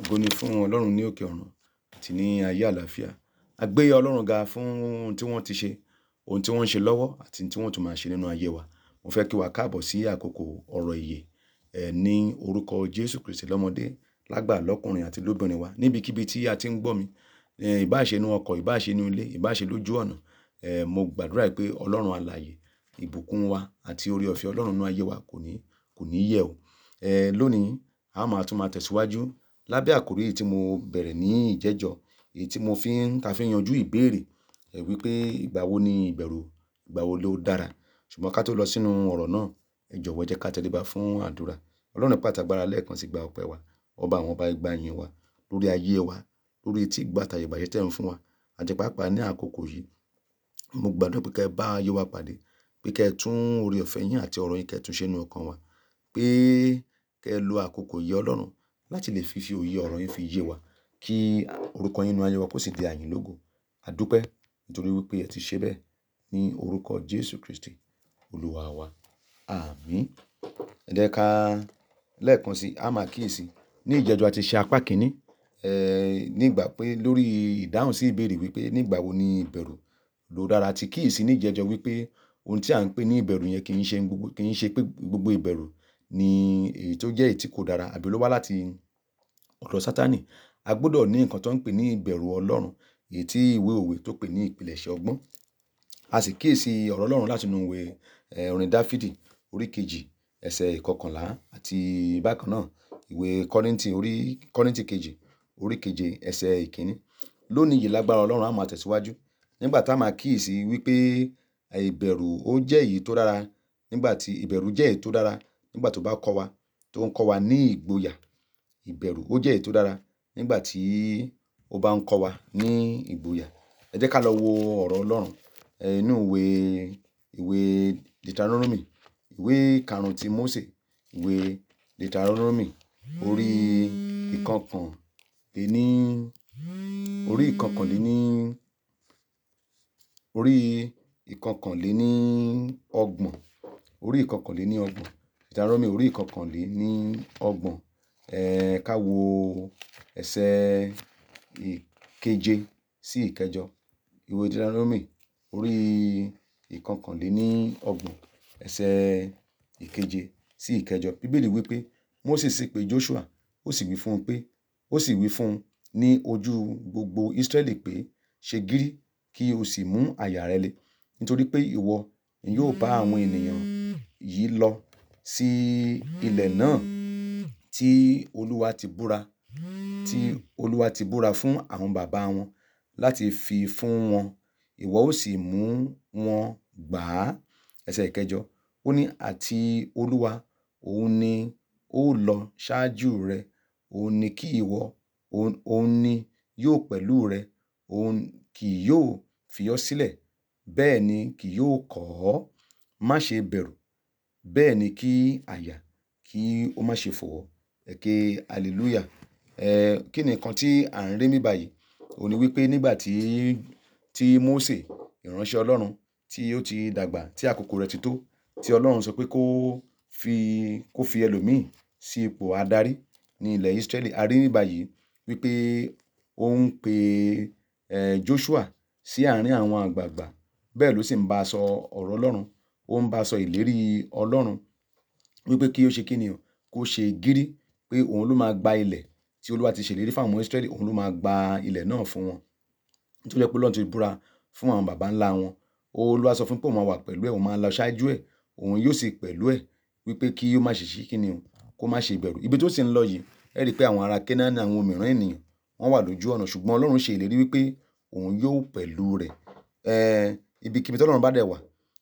ògo ni fún ọlọ́run ní òkè ọ̀run àti ní ayé àlàáfíà àgbéyà ọlọ́run ga fún ohun tí wọ́n ti ṣe ohun tí wọ́n ń ṣe lọ́wọ́ àti tí wọ́n tún máa ṣe nínú ayé wa mo fẹ́ kí wa káàbọ̀ sí àkókò ọ̀rọ̀ ìyè ẹ̀ ní orúkọ jésù kristi lọ́mọdé lágbà lọ́kùnrin àti lóbìnrin wa níbikíbi tí a ti ń gbọ́ mi ìbáṣe inú ọkọ̀ ìbáṣe inú ilé ìbáṣe lójú ọ̀nà mo gbàdúrà pé ọlọ́run alààyè ìbùkún wa àti orí ọ̀fẹ́ ọlọ́run inú ayé wa kò ní kò ní yẹ̀ o lónìí a máa tún máa tẹ̀síwájú lábẹ́ àkòrí tí mo bẹ̀rẹ̀ ní ìjẹ́jọ́ èyí tí mo fi ń ta fi ń yanjú ìbéèrè ẹ̀ wípé ìgbà wo ni ìbẹ̀rù, ìgbà wo ló dára. Ṣùgbọ́n ká tó lọ sínú ọ̀rọ̀ náà, ẹ jọ̀wọ́ ẹ jẹ́ ká tẹríba fún àdúrà. Ọlọ́run ipá àtàgbàrà lẹ́ẹ̀kan sì gba ọpẹ́ wa. Ọba àwọn ọba igba ìyìn wa lórí ayé wa, lórí etí ìgbọ́ àtàyè ìbàjẹ́ tẹ̀ ń fún wa àti pàápàá ní àkókò yìí. Mo gbàdúrà pé kí ẹ bá ayé wa pàdé, pé kí ẹ tún oore ọ̀fẹ́ yín àti ọ̀rọ̀ yín kí ẹ tún ṣe nínú ọkàn wa, pé kí ẹ lo àkókò yìí Ọlọ́run láti lè fi fi òye ọ̀rọ̀ yín fi yé wa kí orúkọ yín nínú ayé wa kó sì di àyìn lógo. A nítorí wípé ẹ ti ṣe bẹ́ẹ̀ ní orúkọ Jésù Kristi Olúwa wa. Àmín. Ẹ jẹ́ ká lẹ́ẹ̀kan sí, a máa kíyèsi. Ní ìjẹ́jọ́ a ti ṣe apá kìíní, ẹ́ nígbà pé lórí ìdáhùn sí ìbéèrè wípé nígbà wo ni ìbẹ̀rù ló dára. A ti kíyèsi ní ìjẹ́jọ́ wípé ohun tí à ń pè ní ìbẹ̀rù yẹn kì í ṣe pé gbogbo ìbẹ̀rù ni èyí tó jẹ́ èyí tí kò dára àbí ló wá láti ọ̀dọ̀ Sátánì. A gbọdọ̀ ní nǹkan tó ń pè ní ìbẹ̀rù Ọlọ́run, èyí tí ìwé òwe tó pè ní ìpilẹ̀ṣẹ̀ ọgbọ́n. A sì kíyèsi ọ̀rọ̀ Ọlọ́run láti inú ìwé, eh, orin Dafidi orí kejì ẹsẹ̀ ìkọkànlá àti bákan náà ìwé Kọ́ríńtì orí, Kọ́ríńtì kejì orí keje ẹsẹ̀ ìkíni. Lónìí yìí lágbára Ọlọ́run a máa tẹ̀síwájú nígbà tá a máa kíyèsi wípé eh, ìbẹ̀rù ó jẹ́ èyí tó dára nígbà tí ìbẹ̀rù jẹ́ èyí tó dára nígbà tó bá kọ́ wa tó ń kọ́ wa ní ìgboyà ìbẹ̀rù. Ó jẹ́ èyí tó dára nígbà tí ó bá ń kọ́ wa ní ìgboyà. Ẹ jẹ́ ká lọ wo ọ̀rọ̀ Ọlọ́run inú ìwé, ìwé Deuteronomy, ìwé ìkarùn tí Mose, ìwé Deuteronomy orí ìkọkàn lé ní, orí ìkọkàn lé ní, orí ìkọkàn lé ní ọgbọ̀n, orí ìkọkàn ní ọgbọ̀n. Ìtàn Rómíò orí ìkọkànlé ní ọgbọ̀n. um Ká wo ẹsẹ̀ ìkeje sí ìkẹjọ. Ìwé Díutarónómì orí ìkọkànlé ní ọgbọ̀n ẹsẹ̀ ìkeje sí ìkẹjọ. Bíbélì wí pé, Mósè sì pe Jóṣúà, ó sì wí fún un pé, ó sì wí fún un ní ojú gbogbo Ísírẹ́lì pé, ṣe gírí kí o sì mú àyà rẹ le. Nítorí pé ìwọ ni yóò bá àwọn ènìyàn yìí lọ sí ilẹ̀ náà tí Olúwa ti búra, tí Olúwa ti búra fún àwọn baba wọn láti fi fún wọn. Ìwọ ó sì mú wọn gbà á. Ẹsẹ̀ ìkẹjọ, ó ní àti Olúwa, òun ni ó lọ ṣáájú rẹ, òun ni kí ìwọ, òun ni yóò pẹ̀lú rẹ, òun kì yóò fi ọ́ sílẹ̀, ni kì yóò kọ̀ ọ́. Má ṣe bẹ̀rù, Bẹ́ẹ̀ ni kí àyà kí ó má ṣe fò ọ́. hallelujah. Ehn, kí ni nǹkan tí à ń rí ní báyìí? Ó ní wípé nígbà tí, tí Mósè ìránṣẹ́ Ọlọ́run tí ó ti dàgbà, tí àkókò rẹ̀ ti tó, tí Ọlọ́run sọ pé kó fi, kó fi ẹlòmíì sí ipò adarí ní ilẹ̀ Israẹli. A rí ní báyìí wípé ó ń pe, eh, Joshua sí àárín àwọn àgbàgbà. Bẹ́ẹ̀ ló sì ń bá a sọ ọ̀rọ̀ Ọlọ́run ó ń bá sọ ìlérí Ọlọ́run wípé kí ó ṣe kíni o kó ṣe gírí pé òun ló máa gba ilẹ̀ tí Olúwa ti ṣèlérí fún àwọn Ísírẹ́lì òun ló máa gba ilẹ̀ náà fún wọn tó jẹ́ pé Ọlọ́run ti búra fún àwọn baba ńlá wọn Olúwa sọ fún pé òun máa wà pẹ̀lú ẹ̀ òun máa lọ ṣáájú ẹ̀ òun yóò sì pẹ̀lú ẹ̀ wípé kí ó má ṣe ṣí kíni o kó má ṣe bẹ̀rù ibi tó sì ń lọ yìí ẹ rí i pé àwọn ará Kénáánì àwọn òmìrán ènìyàn wọ́n wà lójú ọ̀nà ṣùgbọ́n Ọlọ́run ṣe ìlérí wípé òun yóò pẹ̀lú rẹ̀ ibikíbi tọ́lọ́run bá dẹ̀ wà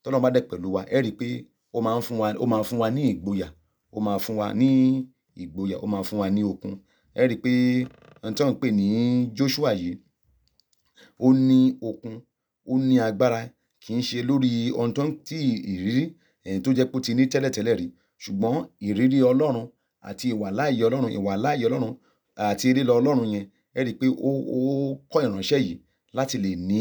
Tọ́lọ́run bá dẹ̀ pẹ̀lú wa, ẹ rí i pé ó máa ń fún wa, ó máa fún wa ní ìgboyà, ó máa fún wa ní ìgboyà, ó máa fún wa ní okun. Ẹ rí i pé ẹni pè ní Joshua yìí, ó ní okun, ó ní agbára, kì í ṣe lórí ohun tó ń tí ìrírí èyí tó jẹ́ pé ó ti ní tẹ́lẹ̀tẹ́lẹ̀ rí. Ṣùgbọ́n ìrírí Ọlọ́run àti ìwàláàyè Ọlọ́run, ìwàláàyè Ọlọ́run àti lílọ Ọlọ́run yẹn, ẹ rí i pé ó, kọ́ ìránṣẹ́ yìí láti lè ní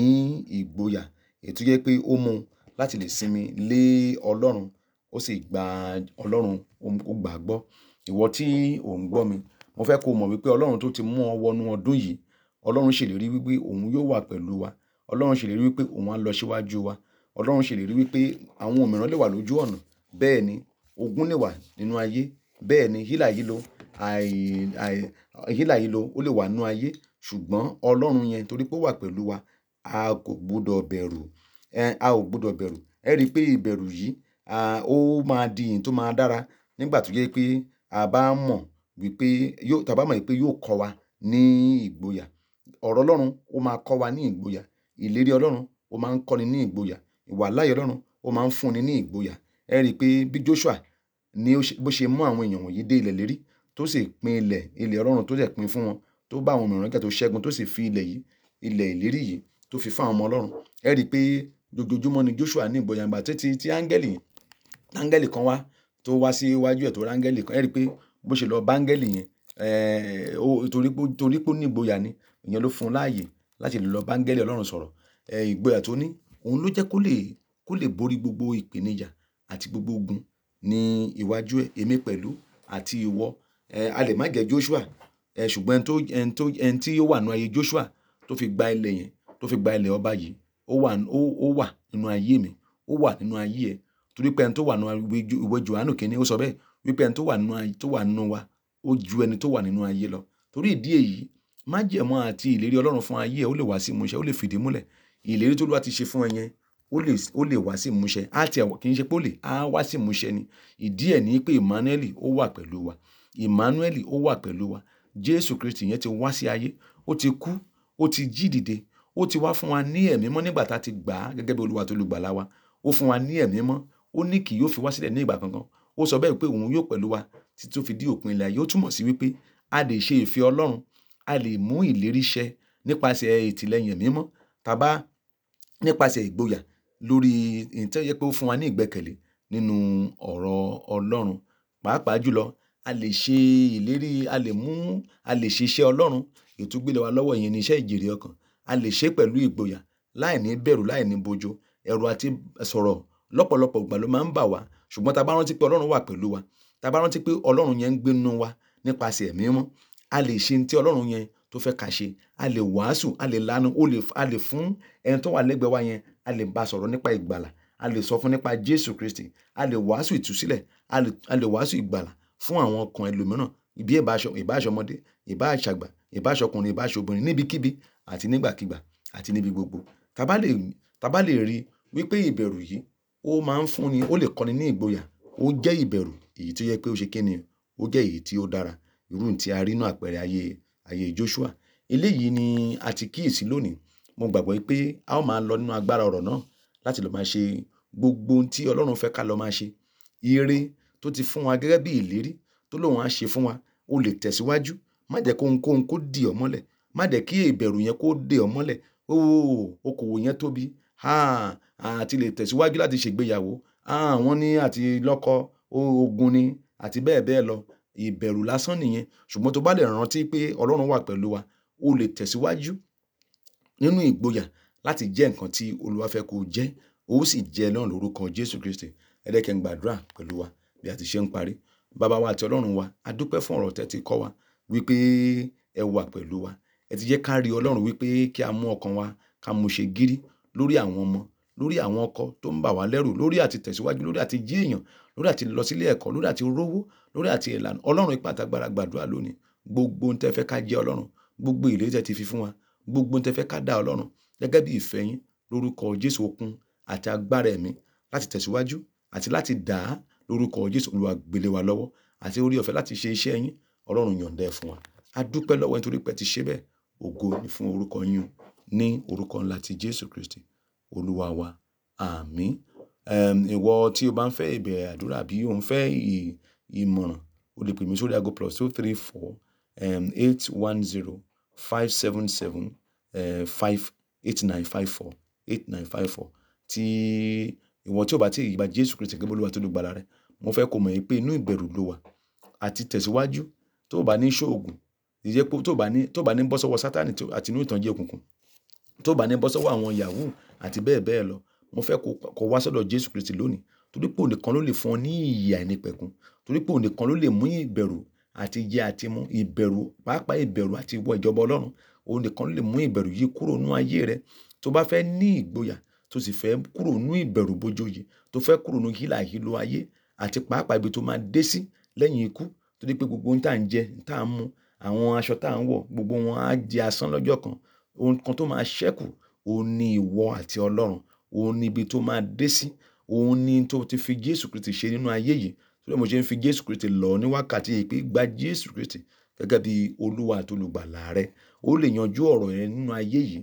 ìgboyà èyí jẹ́ pé ó mú un láti lè sinmi lé Ọlọ́run, ó sì gba Ọlọ́run, ó gbà á gbọ́. Ìwọ tí ò ń gbọ́ mi, mo fẹ́ ko mọ̀ wípé Ọlọ́run tó ti mú ọ wọnú ọdún yìí, Ọlọ́run ṣèlérí wípé òun yóò wà pẹ̀lú wa. Ọlọ́run ṣèlérí wípé òun á lọ síwájú wa. Ọlọ́run ṣèlérí wípé àwọn òmíràn lè wà lójú ọ̀nà. Bẹ́ẹ̀ ni, ogun lè wà nínú ayé. Bẹ́ẹ̀ ni, hílàhílo, ó lè wà nínú ayé. Ṣùgbọ́n Ọlọ́run yẹn torí pé ó wà pẹ̀lú wa, a kò gbọdọ̀ bẹ̀rù a ò gbọdọ̀ bẹ̀rù. Ẹ rí pé ìbẹ̀rù yìí, a, ó máa di ǹ tó máa dára nígbà tó jẹ́ pé a bá mọ̀ wípé yóò, tí a bá mọ̀ wípé yóò kọ́ wa ní ìgboyà. Ọ̀rọ̀ Ọlọ́run ó máa kọ́ wa ní ìgboyà. Ìlérí Ọlọ́run ó máa ń kọ́ni ní ìgboyà. Ìwàláàyè Ọlọ́run ó máa ń fúnni ní ìgboyà. Ẹ rí pé bí Joshua ní ó ṣe, bó ṣe mú àwọn èèyàn wọ̀nyí dé ilẹ̀ ìlérí tó sì pín ilẹ̀, ilẹ̀ Ọlọ́run tó dẹ̀ pín fún wọn, tó bá àwọn mìíràn kẹ́ ṣẹ́gun tó sì fi ilẹ̀ yìí, ilẹ̀ ìlérí yìí tó fi fún àwọn ọmọ Ọlọ́run. Ẹ rí pé jojoojúmọ́ ni joshua ní ìgboyà ìgbà títí tí áńgẹ́lì áńgẹ́lì kan wá tó wá sí iwájú ẹ̀ tó ráńgẹ́lì kan ẹ̀ rí i pé bó ṣe lọ báńgẹ́lì yẹn eh, torí ní ìgboyà ni ìyẹn ló fún un láàyè láti lọ báńgẹ́lì ọlọ́run sọ̀rọ̀ eh, ìgboyà tó ní òun ló jẹ́ kó lè kó lè borí gbogbo ìpèníjà àti gbogbo ogun ní iwájú ẹ̀ èmi pẹ̀lú àti ìwọ eh, a má jẹ́ joshua ṣùgbọ́n ẹni tí ó wà nù ayé joshua tó fi gba ilẹ̀ yẹn tó fi gba ilẹ̀ ọba yìí ó wà ó wà nínú ayé mi ó wà nínú ayé ẹ torí pé ẹni tó wà nínú ìwé Jòhánù kìíní ó sọ bẹ́ẹ̀ wípé ẹni tó wà nínú ayé tó wà nínú wa ó ju ẹni tó wà nínú ayé lọ torí ìdí èyí májẹ̀mọ́ àti ìlérí Ọlọ́run fún ayé ẹ ó lè wá sí ìmúṣẹ ó lè fìdí múlẹ̀ ìlérí tó lọ́wọ́ ti ṣe fún ẹ yẹn ó lè ó lè wá sí ìmúṣẹ á tiẹ̀ kì í ṣe pé ó lè á wá sí ìmúṣẹ ni ìdí ẹ̀ ní pé Emmanuel ó wà pẹ̀lú wa Emmanuel ó wà pẹ̀lú wa Jésù Kristi yẹn ti wá sí ayé ó ti kú ó ti jí dìde ó ti wá fún wa ní ẹ̀mí mọ́ nígbà tá a ti gbà á gẹ́gẹ́ bí olúwa tó lùgbàlà wa ó fún wa ní ẹ̀mí mọ́ ó ní kì yóò fi wá sílẹ̀ ní ìgbà kankan ó sọ bẹ́ẹ̀ pé òun yóò pẹ̀lú wa títí tó fi dí òpin ilẹ̀ ayé ó túmọ̀ sí wípé a lè ṣe ìfẹ́ ọlọ́run a lè mú ìlérí ṣẹ nípasẹ̀ ìtìlẹ́yìn ẹ̀mí mọ́ tàbá nípasẹ̀ ìgboyà lórí ìtẹ́ pé ó fún wa ní ìgbẹ́kẹ̀lé a lè ṣe pẹ̀lú ìgboyà láìní bẹ̀rù láìní bojo ẹ̀rù àti sọ̀rọ̀ lọ́pọ̀lọpọ̀ ìgbà ló máa ń bà wá ṣùgbọ́n tá a bá rántí pé Ọlọ́run wà pẹ̀lú wa tá a bá rántí pé Ọlọ́run yẹn ń gbé nínú wa nípasẹ̀ ẹ̀mí mímọ́ a lè ṣe ti Ọlọ́run yẹn tó fẹ́ ká ṣe a lè wàásù a lè lanu a lè fún ẹni tó wà lẹ́gbẹ̀ẹ́ wa yẹn a lè bá sọ̀rọ̀ nípa ìgbàlà a lè sọ fún nípa Jésù Kristi a lè wàásù ìtúsílẹ̀ a lè wàásù ìgbàlà fún àwọn ọkàn ẹlòmíràn ìbí ìbáṣọ ìbáṣọmọdé ìbáṣàgbà ìbáṣọkùnrin ìbáṣọbìnrin níbikíbi àti nígbàkígbà àti níbi gbogbo. Ta bá lè, ta bá lè rí wípé ìbẹ̀rù yìí ó máa ń fúnni, ó lè kọ́ni ní ìgboyà. Ó jẹ́ ìbẹ̀rù èyí tó jẹ́ pé ó ṣe kíni, ó jẹ́ èyí tí ó dára. Irú n a rí nínú àpẹẹrẹ ayé, ayé Joshua. Eléyìí ni a ti kíyèsi lónìí. Mo gbàgbọ́ wípé a ó máa lọ nínú agbára ọ̀rọ̀ náà láti lọ máa ṣe gbogbo ohun tí Ọlọ́run fẹ́ ká lọ máa ṣe. Ire tó ti fún wa gẹ́gẹ́ bí ìlérí tó lóhùn á ṣe fún wa. O lè tẹ̀síwájú. Má jẹ́ kóhunkóhun kó dì ọ́ mọ́lẹ̀. Má jẹ́ kí ìbẹ̀rù yẹn kó dè ọ́ mọ́lẹ̀. Ooo, okòwò yẹn tóbi. Àá, àti lè tẹ̀síwájú láti ṣègbéyàwó. Àá, wọ́n ní àti lọ́kọ, ogun ni àti bẹ́ẹ̀ bẹ́ẹ̀ lọ. Ìbẹ̀rù lásán nìyẹn. Ṣùgbọ́n tó bá lè rántí pé Ọlọ́run wà pẹ̀lú wa, o lè tẹ̀síwájú nínú ìgboyà láti jẹ́ nǹkan tí Olúwa fẹ́ jẹ́. O sì jẹ́ náà lórúkọ Jésù Kristi. Ẹ jẹ́ kí n gbàdúrà pẹ̀lú wa bí a ti ṣe ń parí. Baba wa àti Ọlọ́run wa, a dúpẹ́ fún ọ̀rọ̀ tẹ ti kọ́ wa wípé ẹ wà pẹ̀lú wa. Ẹ ti jẹ́ ká rí Ọlọ́run wípé kí a mú ọkàn wa ká mú ṣe gírí lórí àwọn ọmọ, lórí àwọn ọkọ tó ń bà wá lẹ́rù, lórí àti tẹ̀síwájú, lórí àti jí èèyàn, lórí àti lọ sí ilé ẹ̀kọ́, lórí àti rówó, lórí àti ìlànà. Ọlọ́run ipá t'agbára gbàdúrà lónìí. Gbogbo ohun tẹ fẹ́ ká jẹ́ Ọlọ́run, gbogbo ìlérí tẹ ti fi fún wa, gbogbo ohun tẹ fẹ́ ká dá Ọlọ́run gẹ́gẹ́ bí ìfẹ́ yín lórúkọ Jésù okun àti agbára ẹ̀mí láti tẹ̀síwájú àti láti dà á lórúkọ Jésù Olúwa wa lọ́wọ́ àti oore ọ̀fẹ́ láti ṣe iṣẹ́ yín. Ọlọ́run yọ̀ǹda ẹ fún wa. A dúpẹ́ lọ́wọ́ nítorí pé ti ṣe bẹ́ẹ̀ ògo ni fún orúkọ yín ní orúkọ ńlá ti Jésù Kristi olúwa wa àmín ìwọ tí o bá ń fẹ́ ìbẹ̀rẹ̀ àdúrà bí o ń fẹ́ ìmọ̀ràn o lè pè mí sórí aago plus two three four eight one zero five seven seven five eight nine five four eight nine five four tí ìwọ tí o bá ti ìgbà Jésù Kristi gẹ́gẹ́ bí Olúwa tó lùgbàlà rẹ mo fẹ́ kó mọ̀ pé inú ìbẹ̀rù ló wà àti tẹ̀síwájú tó o bá ní ṣòògùn ìyẹ́ pé tó bá ní tó bá ní bọ́ sọ́wọ́ sátani àti inú ìtànjẹ òkùnkùn tó bá ní bọ́ sọ́wọ́ àwọn yahoo àti bẹ́ẹ̀ bẹ́ẹ̀ lọ mo fẹ́ kó kó wá sọ́dọ̀ jésù kristi lónìí torí pé òǹkan ló lè fún ọ ní ìyè àìnípẹ̀kun torí pé òǹkan ló lè mú ìbẹ̀rù àti jẹ àti mú ìbẹ̀rù pàápàá ìbẹ̀rù àti wọ ìjọba ọlọ́run òǹkan ló lè mú ìbẹ̀rù yìí kúrò nú ayé rẹ tó bá fẹ́ ní ìgboyà tó sì fẹ́ kúrò nú ìbẹ̀rù bójú yìí tó fẹ́ kúrò nú hílà hílo ayé àti pàápàá ibi tó máa dé sí lẹ́yìn ikú torí pé gbogbo ń tà ń jẹ ń tà ń mu àwọn aṣọ tá à ń wọ̀ gbogbo wọn á di asán lọ́jọ́ kan ohun kan tó máa ṣẹ́kù òun ni ìwọ àti ọlọ́run òun ni ibi tó máa dé sí òun ni tó ti fi jésù kristi ṣe nínú ayé yìí tó lè mo ṣe ń fi jésù kristi lọ ní wákàtí yìí pé gba jésù kristi gẹ́gẹ́ bí olúwa àti olùgbàlà rẹ ó lè yanjú ọ̀rọ̀ rẹ nínú ayé yìí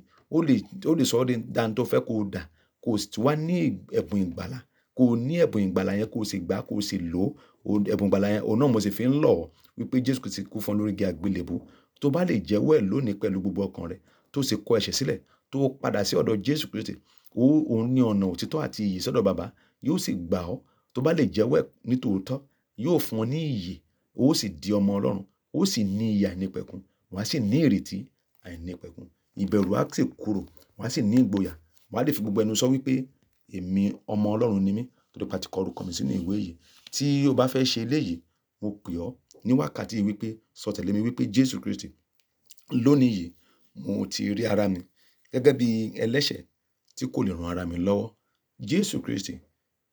ó lè sọ ọ́ dáa tó fẹ́ kó o dà kó o sì ti wá ní ẹ̀bùn ìgbàlà kó o ní ẹ̀bùn ìgbàlà yẹn kó o sì gbà kó o sì lò ó ẹ̀bùn ìgbàlà yẹn òun náà mo sì fi ń lọ̀ ọ́ wípé Jésù Kristi kú fún lórí igi àgbélébù tó bá lè jẹ́wọ́ ẹ̀ lónìí pẹ̀lú gbogbo ọkàn rẹ tó sì kọ̀ ẹ̀ṣẹ̀ sílẹ̀ tó padà sí ọ̀dọ̀ Jésù Kristi òun ní ọ̀nà òtítọ́ àti ìyè sọ́dọ̀ bàbá yóò sì gbà ọ́ tó bá lè jẹ́wọ́ ẹ̀ nítòótọ́ yóò fún ọ ní ìyè ó sì di ọmọ Ọlọ́run ó sì ní ìyè àìnípẹ̀kun wọ́n á sì ní ìrètí àìnípẹ̀kun ìbẹ̀rù á sì kúrò wọ́n á sì ní ìgboyà wọ́n á lè fi gbogbo ẹnu sọ wípé èmi ọmọ Ọlọ́run ni mí torí pé ti kọ orúkọ mi sínú ìwé yìí. Tí o bá fẹ́ ṣe eléyìí, mo pè ọ́ ní wákàtí yìí wípé sọ tẹ̀lé mi wípé Jésù Kristi, lónìí yìí mo ti rí ara mi gẹ́gẹ́ bí ẹlẹ́ṣẹ̀ tí kò lè ran ara mi lọ́wọ́. Jésù Kristi,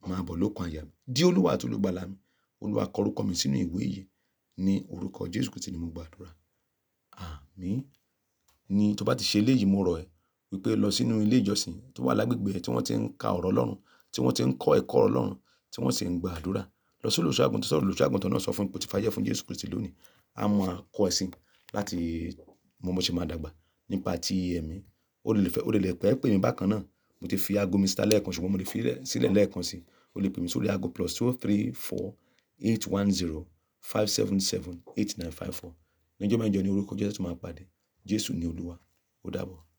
máa bọ̀ lọ́kàn àyà mí. Di Olúwa àti olùgbàlà mi. Olúwa kọ orúkọ mi sínú ìwé yìí. Ni orúkọ Jésù Kristi ni mo gba àdúrà. Àmín. Ni tó bá ti ṣe eléyìí, mo rọ̀ ẹ́ wípé lọ sínú ilé ìjọsìn tó wà lágbègbè ẹ tí wọ́n ti ń ka ọ̀rọ̀ Ọlọ́run, tí wọ́n ti ń kọ́ ẹ̀kọ́ ọ̀rọ̀ Ọlọ́run, tí wọ́n sì ń gba àdúrà. Lọ sí olùṣọ́ àgùntàn, sọ̀rọ̀ olùṣọ́ àgùntàn náà sọ fún un pé ó ti fàyè fún Jésù Kristi lónìí. A máa kọ́ ẹ sí láti mọ bí mo ṣe máa dàgbà nípa ti ẹ̀mí. Ó lè fẹ́, ó lè lè pẹ́ pé mi bákan náà. Mo ti fi ago mi síta lẹ́ẹ̀kan ṣùgbọ́n mo lè fi sílẹ̀ lẹ́ẹ̀kan si. O lè pè mí sórí ago plus two three four eight one zero five seven seven eight nine five four. Ní mẹ́jọ ní orúkọ Jésù máa pàdé. Jésù ni Olúwa. Ó dàbọ̀.